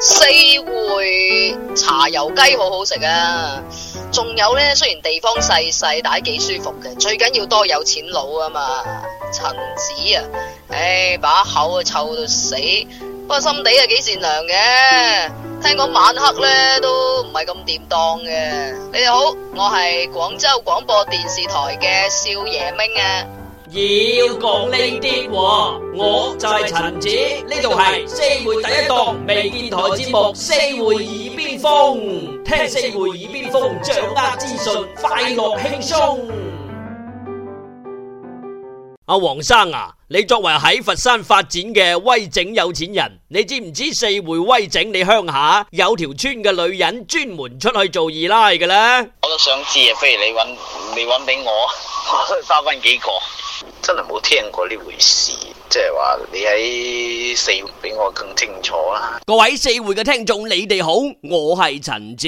四會茶油雞好好食啊！仲有呢，雖然地方細細，但係幾舒服嘅。最緊要多有錢佬啊嘛！陳子啊，唉、哎，把口啊臭到死，不過心底啊幾善良嘅。聽講晚黑呢都唔係咁掂當嘅。你哋好，我係廣州廣播電視台嘅少爺明啊！要講呢啲，我就係陳子，呢度係四會第一檔微電台節目《四會耳邊風》，聽四會耳邊風，掌握資訊，快樂輕鬆。阿黃生啊！你作為喺佛山發展嘅威整有錢人，你知唔知四會威整你鄉下有條村嘅女人專門出去做二奶嘅咧？我都想知啊，不如你揾，你揾俾我，我花翻幾個？真係冇聽過呢回事，即係話你喺四會比我更清楚啦。各位四會嘅聽眾，你哋好，我係陳子，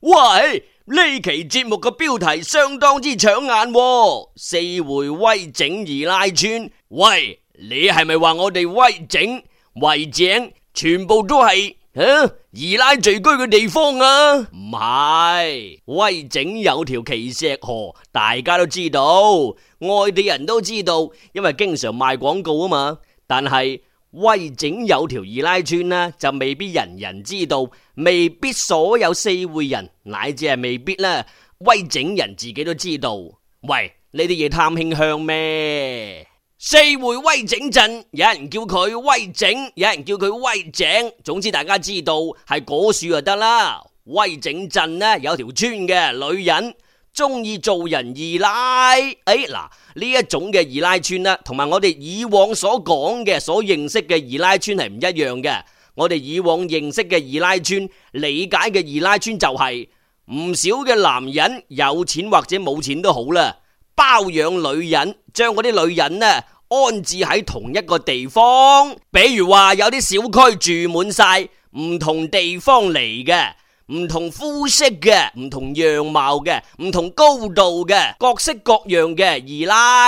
喂。呢期節目嘅標題相當之搶眼，哦，四回威整二奶村。喂，你係咪話我哋威整？威整全部都係吓二奶聚居嘅地方啊？唔係，威整有條奇石河，大家都知道，外地人都知道，因為經常賣廣告啊嘛。但係。威整有條二奶村呢，就未必人人知道，未必所有四會人，乃至係未必啦。威整人自己都知道，喂，呢啲嘢貪興香咩？四會威整鎮有人叫佢威整，有人叫佢威整。總之大家知道係嗰處就得啦。威整鎮呢有條村嘅女人，中意做人二奶，誒嗱呢一種嘅二奶村啦，同埋我哋以往所講嘅、所認識嘅二奶村係唔一樣嘅。我哋以往認識嘅二奶村、理解嘅二奶村就係唔少嘅男人有錢或者冇錢都好啦，包養女人，將嗰啲女人呢安置喺同一個地方，比如話有啲小區住滿晒唔同地方嚟嘅，唔同膚色嘅，唔同樣貌嘅，唔同高度嘅，各式各樣嘅二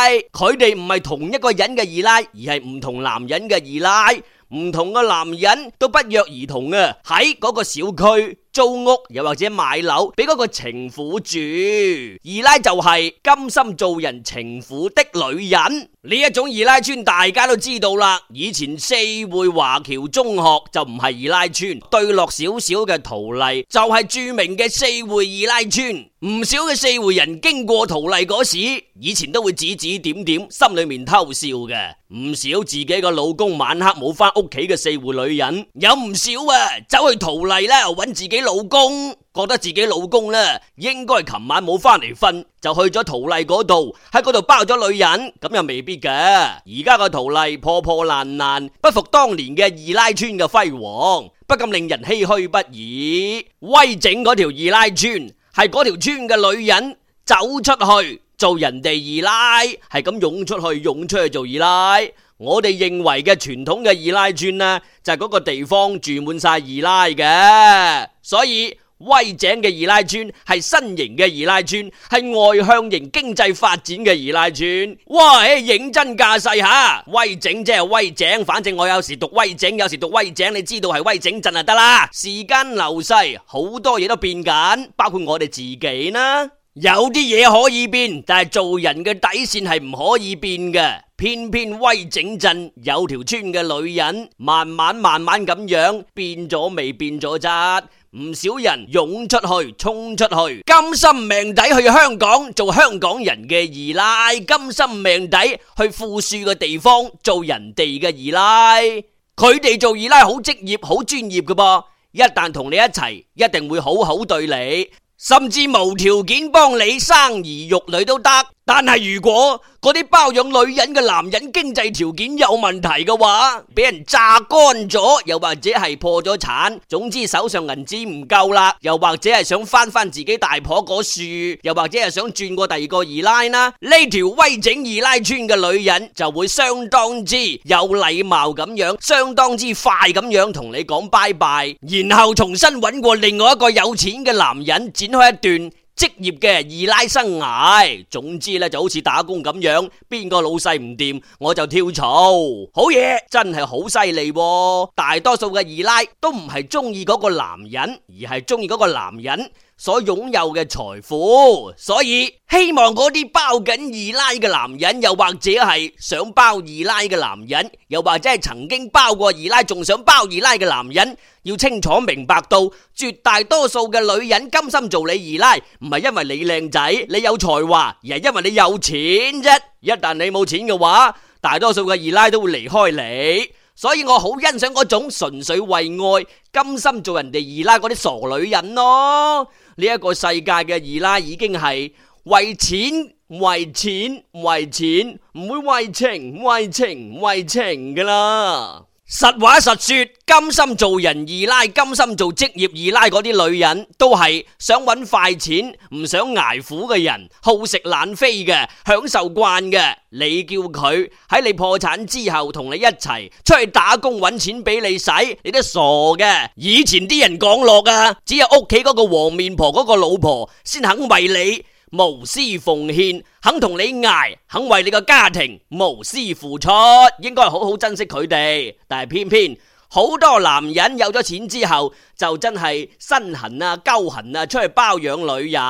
奶，佢哋唔係同一個人嘅二奶，而係唔同男人嘅二奶，唔同個男人都不約而同啊，喺嗰個小區。租屋又或者買樓俾嗰個情婦住，二奶就係甘心做人情婦的女人。呢一種二奶村大家都知道啦。以前四會華僑中學就唔係二奶村，對落少少嘅桃麗就係著名嘅四會二奶村。唔少嘅四會人經過桃麗嗰時，以前都會指指點點，心裏面偷笑嘅。唔少自己個老公晚黑冇返屋企嘅四會女人，有唔少啊，走去桃麗啦，揾自己。老公覺得自己老公呢，應該係琴晚冇返嚟瞓，就去咗陶麗嗰度，喺嗰度包咗女人，咁又未必嘅。而家個陶麗破破爛爛，不復當年嘅二奶村嘅輝煌，不禁令人唏噓不已。威整嗰條二奶村，係嗰條村嘅女人走出去做人哋二奶，係咁湧出去，湧出去做二奶。我哋認為嘅傳統嘅二奶村呢，就係、是、嗰個地方住滿晒二奶嘅，所以威井嘅二奶村係新型嘅二奶村，係外向型經濟發展嘅二奶村。哇、欸，認真架勢吓，威井即係威井，反正我有時讀威井，有時讀威井，你知道係威井鎮就得啦。時間流逝，好多嘢都變緊，包括我哋自己呢。有啲嘢可以變，但係做人嘅底線係唔可以變嘅。偏偏威整鎮有條村嘅女人，慢慢慢慢咁樣變咗未變咗咋。唔少人湧出去，衝出去，甘心命抵去香港做香港人嘅二奶，甘心命抵去富庶嘅地方做人哋嘅二奶。佢哋做二奶好職業，好專業㗎噃。一旦同你一齊，一定會好好對你，甚至無條件幫你生兒育女都得。但係如果嗰啲包養女人嘅男人經濟條件有問題嘅話，俾人榨乾咗，又或者係破咗產，總之手上銀紙唔夠啦，又或者係想翻翻自己大婆嗰樹，又或者係想轉過第二個二奶啦，呢條威整二奶村嘅女人就會相當之有禮貌咁樣，相當之快咁樣同你講拜拜，然後重新揾過另外一個有錢嘅男人展開一段。職業嘅二奶生涯，總之咧就好似打工咁樣，邊個老細唔掂，我就跳槽。好嘢，真係好犀利喎。大多數嘅二奶都唔係中意嗰個男人，而係中意嗰個男人。所擁有嘅財富，所以希望嗰啲包緊二奶嘅男人，又或者係想包二奶嘅男人，又或者係曾經包過二奶，仲想包二奶嘅男人，要清楚明白到，絕大多數嘅女人甘心做你二奶，唔係因為你靚仔，你有才華，而係因為你有錢啫。一旦你冇錢嘅話，大多數嘅二奶都會離開你。所以我好欣賞嗰種純粹為愛，甘心做人哋二奶嗰啲傻女人咯。呢一個世界嘅二奶已經係為錢、為錢、為錢，唔會為情、為情、為情㗎喇。實話實說，甘心做人二奶，甘心做職業二奶嗰啲女人，都係想揾快錢，唔想挨苦嘅人，好食懶飛嘅，享受慣嘅。你叫佢喺你破產之後同你一齊出去打工揾錢畀你使，你都傻嘅。以前啲人講落啊，只有屋企嗰個黃面婆嗰個老婆先肯為你。無私奉獻，肯同你捱，肯為你個家庭無私付出，應該好好珍惜佢哋。但係偏偏好多男人有咗錢之後，就真係身痕啊、鳩痕啊，出去包養女人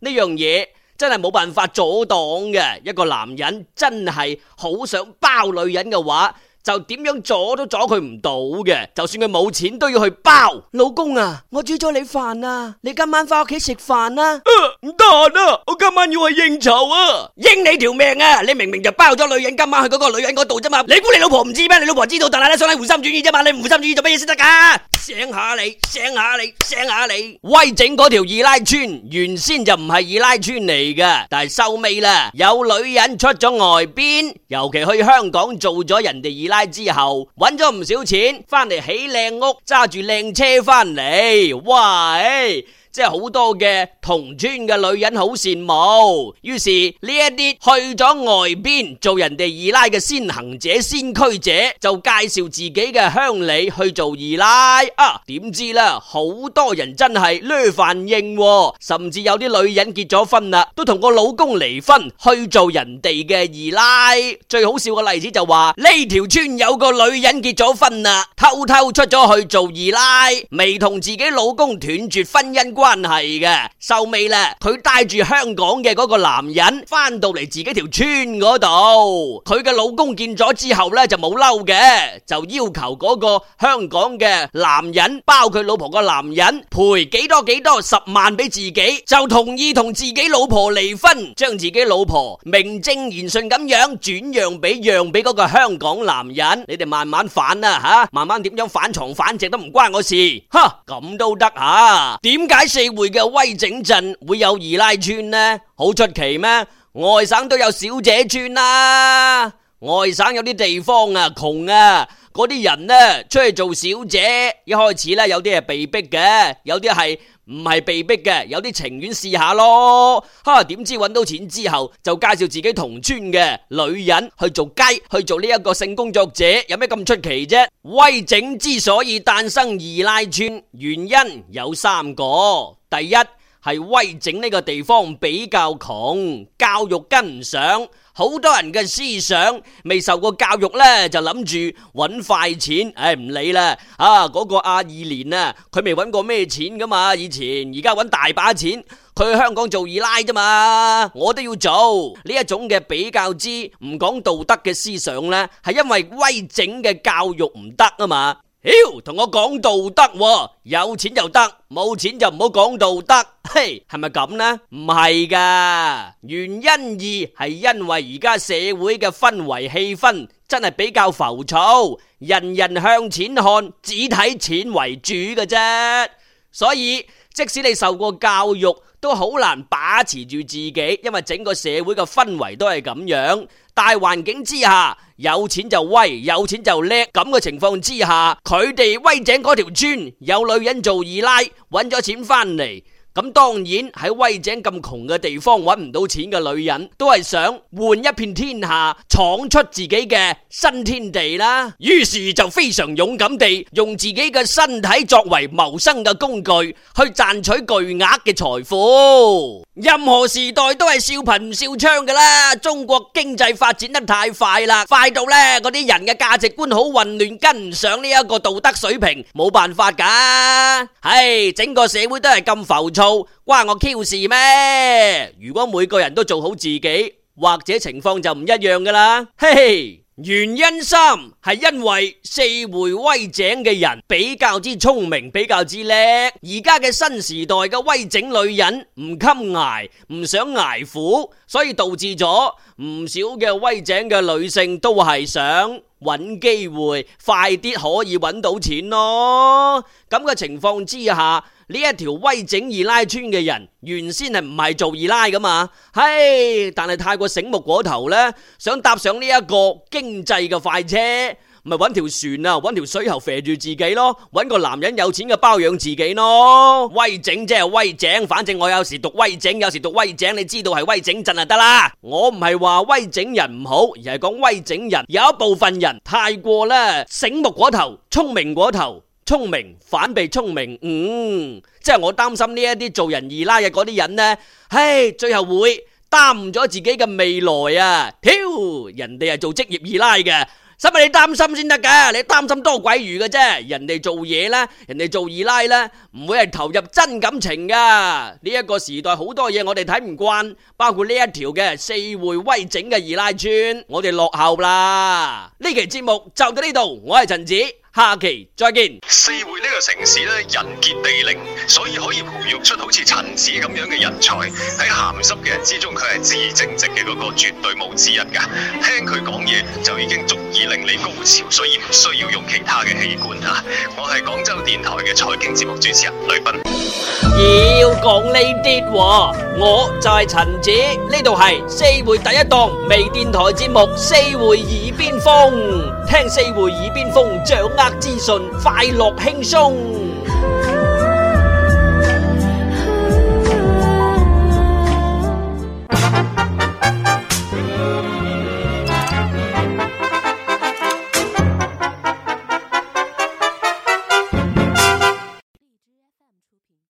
呢樣嘢，真係冇辦法阻擋嘅。一個男人真係好想包女人嘅話，就點樣阻都阻佢唔到嘅，就算佢冇錢都要去包。老公啊，我煮咗你飯啊，你今晚翻屋企食飯啊。唔得閒啊，我今晚要係應酬啊，應你條命啊！你明明就包咗女人，今晚去嗰個女人嗰度啫嘛。你估你老婆唔知咩？你老婆知道，但係咧想你回心轉意啫嘛。你唔回心轉意做乜嘢先得噶？醒下你，醒下你，醒下你。威整嗰條二奶村，原先就唔係二奶村嚟嘅，但係收尾啦，有女人出咗外邊，尤其去香港做咗人哋二。但之後揾咗唔少錢，返嚟起靚屋，揸住靚車返嚟，喂！即係好多嘅同村嘅女人好羨慕，於是呢一啲去咗外邊做人哋二奶嘅先行者、先驅者，就介紹自己嘅鄉里去做二奶啊！點知啦，好多人真係攞反應，甚至有啲女人結咗婚啦、啊，都同個老公離婚去做人哋嘅二奶。最好笑嘅例子就話、是、呢條村有個女人結咗婚啦、啊，偷偷出咗去做二奶，未同自己老公斷絕婚姻。關係嘅，收尾啦，佢帶住香港嘅嗰個男人翻到嚟自己條村嗰度，佢嘅老公見咗之後咧就冇嬲嘅，就要求嗰個香港嘅男人包佢老婆個男人賠幾多幾多十萬俾自己，就同意同自己老婆離婚，將自己老婆名正言順咁樣轉讓俾讓俾嗰個香港男人。你哋慢慢反啦吓，慢慢點樣反床反籍都唔關我事，哈咁都得吓？點解？四會嘅威整鎮會有二奶村呢？好出奇咩？外省都有小姐村啦，啊，外省有啲地方啊，窮啊。嗰啲人咧，出去做小姐，一開始咧，有啲係被逼嘅，有啲係唔係被逼嘅，有啲情願試一下咯。哈，點知搵到錢之後，就介紹自己同村嘅女人去做雞，去做呢一個性工作者，有咩咁出奇啫？威整之所以誕生二奶村，原因有三個：第一係威整呢個地方比較窮，教育跟唔上。好多人嘅思想未受過教育呢，就諗住揾快錢，唉，唔理啦。啊，嗰、那個阿二年啊，佢未揾過咩錢噶嘛？以前而家揾大把錢，佢去香港做二奶啫嘛，我都要做。呢一種嘅比較之唔講道德嘅思想呢，係因為威整嘅教育唔得啊嘛。妖，同我講道德喎，有錢就得，冇錢就唔好講道德。嘿，係咪咁呢？唔係噶，原因二係因為而家社會嘅氛圍氣氛真係比較浮躁，人人向錢看，只睇錢為主嘅啫。所以即使你受過教育，都好難把持住自己，因為整個社會嘅氛圍都係咁樣。大環境之下，有錢就威，有錢就叻。咁嘅情況之下，佢哋威井嗰條村有女人做二奶，揾咗錢返嚟。咁當然喺威井咁窮嘅地方揾唔到錢嘅女人，都係想換一片天下，闖出自己嘅新天地啦。於是就非常勇敢地用自己嘅身體作為謀生嘅工具，去賺取巨額嘅財富。任何時代都係笑貧唔笑娼噶啦，中國經濟發展得太快啦，快到呢嗰啲人嘅價值觀好混亂，跟唔上呢一個道德水平，冇辦法噶。唉、哎，整個社會都係咁浮躁，關我 Q 事咩？如果每個人都做好自己，或者情況就唔一樣噶啦。嘿、hey!。原因三係因為四會威井嘅人比較之聰明，比較之叻。而家嘅新時代嘅威井女人唔襟挨，唔想挨苦，所以導致咗唔少嘅威井嘅女性都係想揾機會，快啲可以揾到錢咯。咁嘅情況之下。呢一條威整二奶村嘅人，原先係唔係做二奶噶嘛？嘿，但係太過醒目過頭呢，想搭上呢一個經濟嘅快車，咪揾條船啊，揾條水喉肥住自己咯，揾個男人有錢嘅包養自己咯。威整即係威整，反正我有時讀威整，有時讀威整，你知道係威整鎮就得啦。我唔係話威整人唔好，而係講威整人有一部分人太過呢，醒目過頭，聰明過頭。聰明反被聰明誤，嗯，即係我擔心呢一啲做人二奶嘅嗰啲人呢，唉，最後會耽誤咗自己嘅未來啊！丟，人哋係做職業二奶嘅，使乜你擔心先得噶？你擔心多鬼餘嘅啫，人哋做嘢呢，人哋做二奶呢，唔會係投入真感情噶。呢一個時代好多嘢我哋睇唔慣，包括呢一條嘅四會威整嘅二奶村，我哋落後啦。呢期節目就到呢度，我係陳子。下期再見。四會呢個城市呢，人傑地靈，所以可以培育出好似陳子咁樣嘅人才。喺鹹濕嘅人之中，佢係至正直嘅嗰個，絕對冇之一噶。聽佢講嘢就已經足以令你高潮，所以唔需要用其他嘅器官啊！我係廣州電台嘅財經節目主持人雷斌。要講呢啲，我就係陳子。呢度係四會第一檔微電台節目《四會耳邊風》。聽四會耳邊風，掌握資訊，快樂輕鬆。